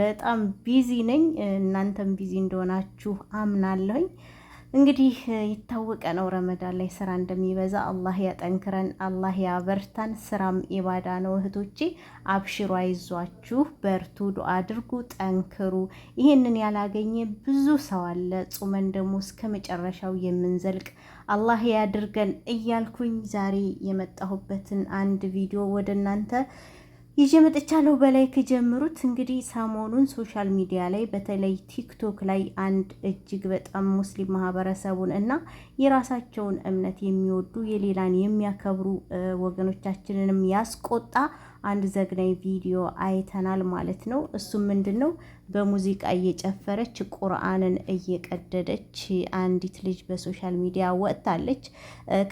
በጣም ቢዚ ነኝ። እናንተም ቢዚ እንደሆናችሁ አምናለሁኝ። እንግዲህ የታወቀ ነው ረመዳን ላይ ስራ እንደሚበዛ። አላህ ያጠንክረን፣ አላህ ያበርታን። ስራም ኢባዳ ነው እህቶቼ። አብሽሮ አይዟችሁ፣ በርቱ፣ ዱአ አድርጉ፣ ጠንክሩ። ይሄንን ያላገኘ ብዙ ሰው አለ። ጾመን ደግሞ እስከ መጨረሻው የምንዘልቅ አላህ ያድርገን እያልኩኝ ዛሬ የመጣሁበትን አንድ ቪዲዮ ወደ እናንተ ይዤ መጥቻለሁ። በላይ ከጀምሩት እንግዲህ ሰሞኑን ሶሻል ሚዲያ ላይ በተለይ ቲክቶክ ላይ አንድ እጅግ በጣም ሙስሊም ማህበረሰቡን እና የራሳቸውን እምነት የሚወዱ የሌላን የሚያከብሩ ወገኖቻችንንም ያስቆጣ አንድ ዘግናኝ ቪዲዮ አይተናል ማለት ነው። እሱም ምንድን ነው በሙዚቃ እየጨፈረች ቁርአንን እየቀደደች አንዲት ልጅ በሶሻል ሚዲያ ወጥታለች።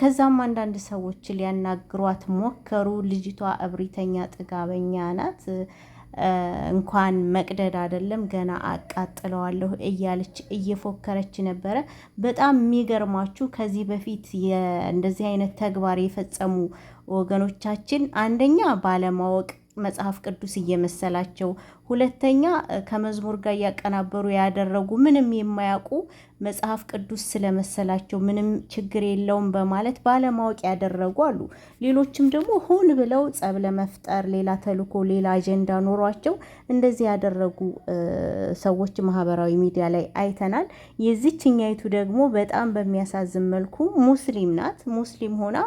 ከዛም አንዳንድ ሰዎች ሊያናግሯት ሞከሩ። ልጅቷ እብሪተኛ፣ ጥጋበኛ ናት እንኳን መቅደድ አይደለም ገና አቃጥለዋለሁ እያለች እየፎከረች ነበረ። በጣም የሚገርማችሁ ከዚህ በፊት እንደዚህ አይነት ተግባር የፈጸሙ ወገኖቻችን አንደኛ ባለማወቅ መጽሐፍ ቅዱስ እየመሰላቸው፣ ሁለተኛ ከመዝሙር ጋር እያቀናበሩ ያደረጉ ምንም የማያውቁ መጽሐፍ ቅዱስ ስለመሰላቸው ምንም ችግር የለውም በማለት ባለማወቅ ያደረጉ አሉ። ሌሎችም ደግሞ ሆን ብለው ጸብ ለመፍጠር ሌላ ተልዕኮ፣ ሌላ አጀንዳ ኖሯቸው እንደዚህ ያደረጉ ሰዎች ማህበራዊ ሚዲያ ላይ አይተናል። የዚችኛይቱ ደግሞ በጣም በሚያሳዝን መልኩ ሙስሊም ናት። ሙስሊም ሆና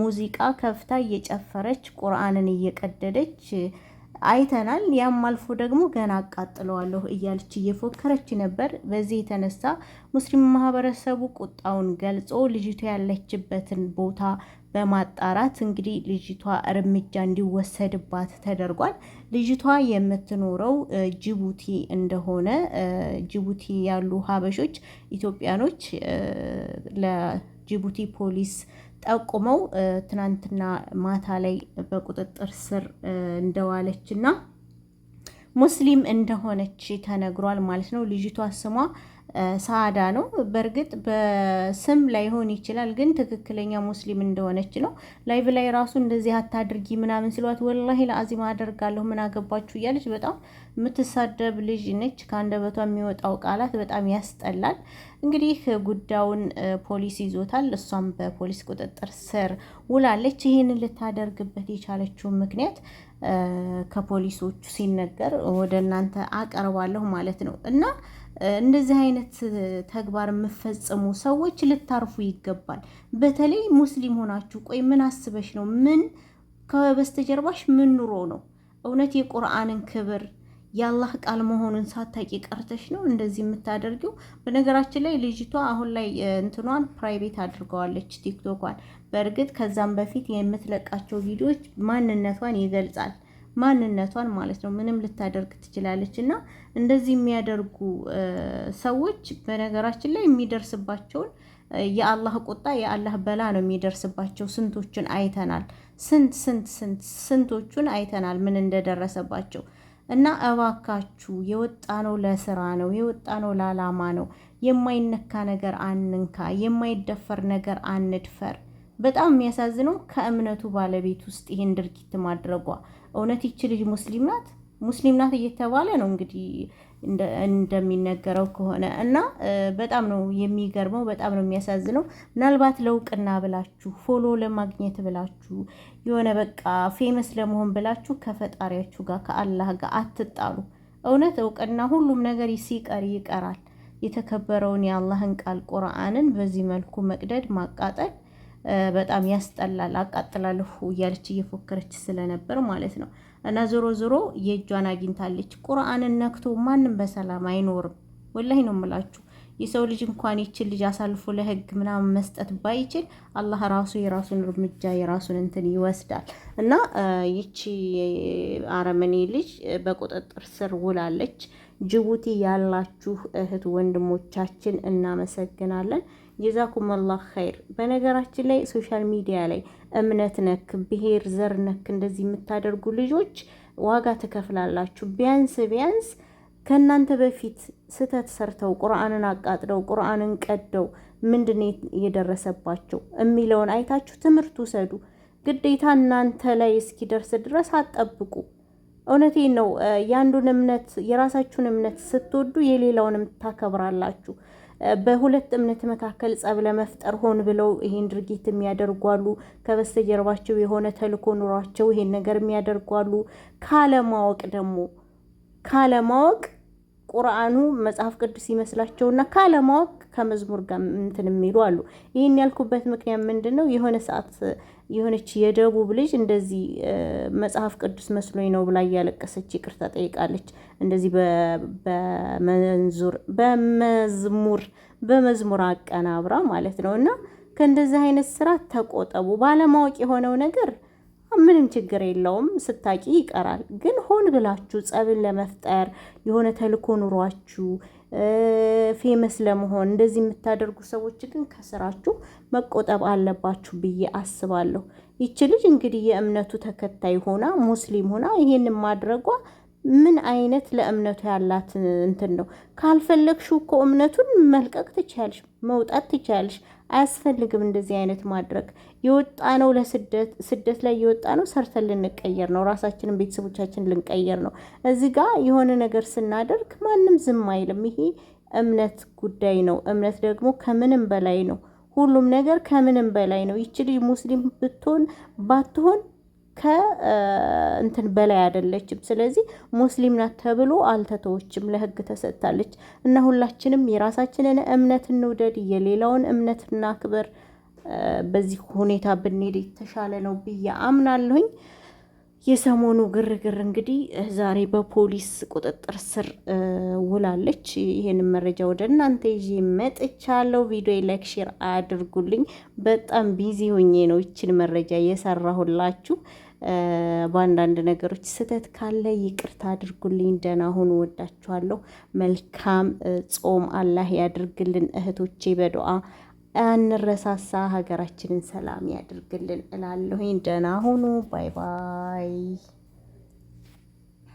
ሙዚቃ ከፍታ እየጨፈረች ቁርአንን እየቀደደች አይተናል። ያም አልፎ ደግሞ ገና አቃጥለዋለሁ እያለች እየፎከረች ነበር። በዚህ የተነሳ ሙስሊም ማህበረሰቡ ቁጣውን ገልጾ ልጅቷ ያለችበትን ቦታ በማጣራት እንግዲህ ልጅቷ እርምጃ እንዲወሰድባት ተደርጓል። ልጅቷ የምትኖረው ጅቡቲ እንደሆነ ጅቡቲ ያሉ ሀበሾች ኢትዮጵያኖች ለጅቡቲ ፖሊስ ጠቁመው ትናንትና ማታ ላይ በቁጥጥር ስር እንደዋለችና ሙስሊም እንደሆነች ተነግሯል ማለት ነው። ልጅቷ ስሟ ሳዳ ነው። በእርግጥ በስም ላይሆን ይችላል፣ ግን ትክክለኛ ሙስሊም እንደሆነች ነው። ላይቭ ላይ ራሱ እንደዚህ አታድርጊ ምናምን ሲሏት ወላሂ ለአዚም አደርጋለሁ ምን አገባችሁ እያለች በጣም የምትሳደብ ልጅ ነች። ከአንደበቷ የሚወጣው ቃላት በጣም ያስጠላል። እንግዲህ ጉዳዩን ፖሊስ ይዞታል። እሷም በፖሊስ ቁጥጥር ስር ውላለች። ይህንን ልታደርግበት የቻለችው ምክንያት ከፖሊሶቹ ሲነገር ወደ እናንተ አቀርባለሁ ማለት ነው። እና እንደዚህ አይነት ተግባር የምፈጽሙ ሰዎች ልታርፉ ይገባል። በተለይ ሙስሊም ሆናችሁ ቆይ ምን አስበሽ ነው? ምን ከበስተጀርባሽ ምን ኑሮ ነው? እውነት የቁርአንን ክብር የአላህ ቃል መሆኑን ሳታቂ ቀርተሽ ነው እንደዚህ የምታደርጊው። በነገራችን ላይ ልጅቷ አሁን ላይ እንትኗን ፕራይቬት አድርገዋለች ቲክቶኳን። በእርግጥ ከዛም በፊት የምትለቃቸው ቪዲዮዎች ማንነቷን ይገልጻል ማንነቷን ማለት ነው። ምንም ልታደርግ ትችላለች። እና እንደዚህ የሚያደርጉ ሰዎች በነገራችን ላይ የሚደርስባቸውን የአላህ ቁጣ የአላህ በላ ነው የሚደርስባቸው። ስንቶችን አይተናል። ስንት ስንት ስንት ስንቶቹን አይተናል ምን እንደደረሰባቸው እና እባካችሁ የወጣ ነው ለስራ ነው የወጣ ነው ለዓላማ ነው። የማይነካ ነገር አንንካ፣ የማይደፈር ነገር አንድፈር። በጣም የሚያሳዝነው ከእምነቱ ባለቤት ውስጥ ይሄን ድርጊት ማድረጓ። እውነት ይቺ ልጅ ሙስሊም ናት ሙስሊም ናት እየተባለ ነው እንግዲህ እንደሚነገረው ከሆነ እና በጣም ነው የሚገርመው፣ በጣም ነው የሚያሳዝነው። ምናልባት ለውቅና ብላችሁ ፎሎ ለማግኘት ብላችሁ የሆነ በቃ ፌመስ ለመሆን ብላችሁ ከፈጣሪያችሁ ጋር ከአላህ ጋር አትጣሉ። እውነት እውቅና ሁሉም ነገር ሲቀር ይቀራል። የተከበረውን የአላህን ቃል ቁርአንን በዚህ መልኩ መቅደድ ማቃጠል በጣም ያስጠላል። አቃጥላለሁ እያለች እየፎከረች ስለነበር ማለት ነው። እና ዞሮ ዞሮ የእጇን አግኝታለች። ቁርአንን ነክቶ ማንም በሰላም አይኖርም። ወላሂ ነው የምላችሁ። የሰው ልጅ እንኳን ይችን ልጅ አሳልፎ ለህግ ምናምን መስጠት ባይችል አላህ ራሱ የራሱን እርምጃ የራሱን እንትን ይወስዳል እና ይቺ አረመኔ ልጅ በቁጥጥር ስር ውላለች። ጅቡቲ ያላችሁ እህት ወንድሞቻችን እናመሰግናለን። ጀዛኩም አላህ ኸይር። በነገራችን ላይ ሶሻል ሚዲያ ላይ እምነት ነክ፣ ብሔር ዘር ነክ እንደዚህ የምታደርጉ ልጆች ዋጋ ትከፍላላችሁ። ቢያንስ ቢያንስ ከእናንተ በፊት ስህተት ሰርተው ቁርአንን አቃጥለው ቁርአንን ቀደው ምንድን የደረሰባቸው የሚለውን አይታችሁ ትምህርት ውሰዱ። ግዴታ እናንተ ላይ እስኪደርስ ድረስ አጠብቁ። እውነቴ ነው። የአንዱን እምነት የራሳችሁን እምነት ስትወዱ የሌላውንም ታከብራላችሁ። በሁለት እምነት መካከል ጸብ ለመፍጠር ሆን ብለው ይህን ድርጊት የሚያደርጓሉ። ከበስተጀርባቸው የሆነ ተልኮ ኑሯቸው ይሄን ነገር የሚያደርጓሉ። ካለማወቅ ደግሞ ካለማወቅ ቁርአኑ መጽሐፍ ቅዱስ ይመስላቸውና ካለማወቅ ከመዝሙር ጋር እንትን የሚሉ አሉ። ይህን ያልኩበት ምክንያት ምንድን ነው? የሆነ ሰዓት የሆነች የደቡብ ልጅ እንደዚህ መጽሐፍ ቅዱስ መስሎኝ ነው ብላ እያለቀሰች ይቅርታ ጠይቃለች። እንደዚህ በመዝሙር በመዝሙር አቀናብራ ማለት ነው። እና ከእንደዚህ አይነት ስራ ተቆጠቡ። ባለማወቅ የሆነው ነገር ምንም ችግር የለውም። ስታቂ ይቀራል። ግን ሆን ብላችሁ ጸብን ለመፍጠር የሆነ ተልኮ ኑሯችሁ ፌመስ ለመሆን እንደዚህ የምታደርጉ ሰዎች ግን ከስራችሁ መቆጠብ አለባችሁ ብዬ አስባለሁ። ይቺ ልጅ እንግዲህ የእምነቱ ተከታይ ሆና ሙስሊም ሆና ይሄን ማድረጓ ምን አይነት ለእምነቱ ያላት እንትን ነው። ካልፈለግሽው እኮ እምነቱን መልቀቅ ትችያለሽ፣ መውጣት ትችያለሽ። አያስፈልግም እንደዚህ አይነት ማድረግ። የወጣ ነው ለስደት ስደት ላይ የወጣ ነው ሰርተን ልንቀየር ነው፣ ራሳችንን ቤተሰቦቻችን ልንቀየር ነው። እዚህ ጋር የሆነ ነገር ስናደርግ ማንም ዝም አይልም። ይሄ እምነት ጉዳይ ነው። እምነት ደግሞ ከምንም በላይ ነው። ሁሉም ነገር ከምንም በላይ ነው። ይች ልጅ ሙስሊም ብትሆን ባትሆን ከእንትን በላይ አይደለችም። ስለዚህ ሙስሊም ናት ተብሎ አልተተወችም፣ ለህግ ተሰጥታለች እና ሁላችንም የራሳችንን እምነት እንውደድ፣ የሌላውን እምነት እናክበር። በዚህ ሁኔታ ብንሄድ የተሻለ ነው ብዬ አምናለሁኝ። የሰሞኑ ግርግር እንግዲህ ዛሬ በፖሊስ ቁጥጥር ስር ውላለች። ይህን መረጃ ወደ እናንተ ይዤ መጥቻለሁ። ቪዲዮ ላይክ፣ ሼር አድርጉልኝ። በጣም ቢዚ ሆኜ ነው ይችን መረጃ የሰራሁላችሁ። በአንዳንድ ነገሮች ስህተት ካለ ይቅርታ አድርጉልኝ። ደህና ሁኑ። ወዳችኋለሁ። መልካም ጾም አላህ ያድርግልን እህቶቼ። በዱዓ አንረሳሳ። ሀገራችንን ሰላም ያድርግልን እላለሁኝ። ደህና ሁኑ። ባይ ባይ